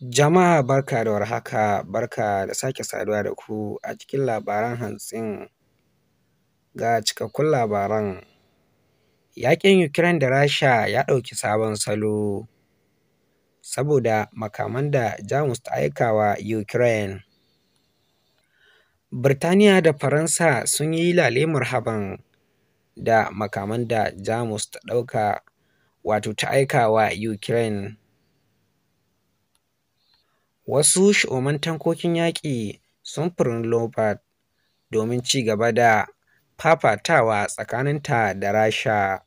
Jama'a barka da warhaka, barka da sake saduwa da ku a cikin labaran hantsin. Ga cikakkun labaran. Yaƙin Ukraine da Rasha ya ɗauki sabon salo saboda makaman da Jamus ta aika wa Ukraine. Birtaniya da Faransa sun yi lale marhaban da makaman da Jamus ta ɗauka wato ta aika wa Ukraine. Wasu Shi'uman tankokin yaƙi sun furin Leopard domin ci gaba da fafatawa tsakaninta da Rasha.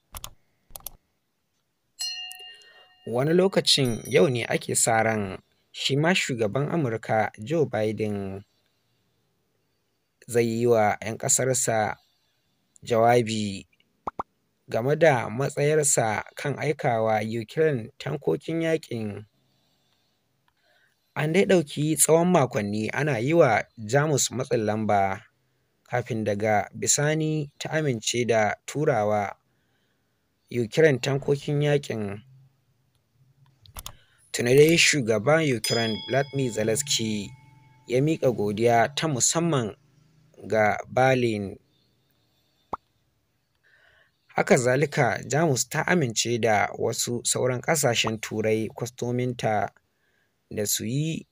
Wani lokacin yau ne ake sa ran shi ma Shugaban Amurka Joe Biden zai yi wa 'yan ƙasarsa jawabi game da matsayarsa kan aikawa wa Ukraine tankokin yaƙin. An dai ɗauki tsawon makonni ana yi wa Jamus matsin lamba kafin daga bisani ta amince da turawa. Ukraine tankokin yakin. Tuna dai Shugaban Ukraine vladimir Zelensky ya miƙa godiya ta musamman ga Berlin. Haka zalika Jamus ta amince da wasu sauran ƙasashen Turai kwastominta. da su yi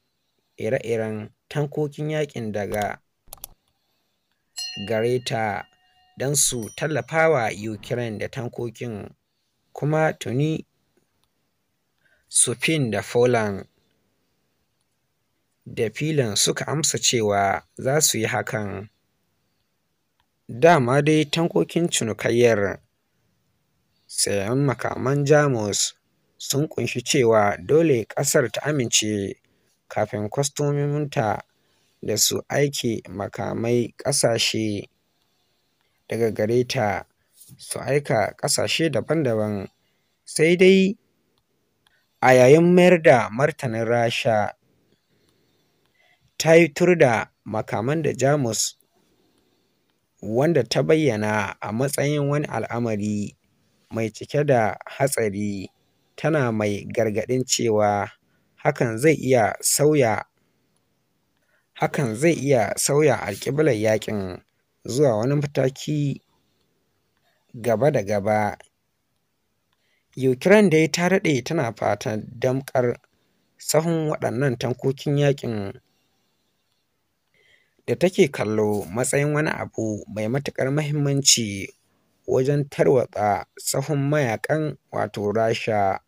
ire-iren tankokin yaƙin daga gare ta don su tallafa tallafawa Ukraine da tankokin, kuma tuni Sufin da Poland da filin suka amsa cewa za su yi hakan. Dama dai tankokin cinikayyar sayan makaman Jamus sun ƙunshi cewa dole ƙasar ta amince kafin kwastomominta da su aiki makamai ƙasashe daga gare ta su aika ƙasashe daban-daban, sai dai a yayin mayar da martanin Rasha ta yi tur da makaman da Jamus wanda ta bayyana a matsayin wani al'amari mai cike da hatsari. tana mai gargaɗin cewa hakan zai iya sauya alƙiblar yaƙin zuwa wani mataki gaba da gaba. Ukraine dai ta daɗe tana fatan damƙar sahun waɗannan tankokin yaƙin da take kallo matsayin wani abu mai matuƙar mahimmanci wajen tarwatsa sahun mayakan wato Rasha.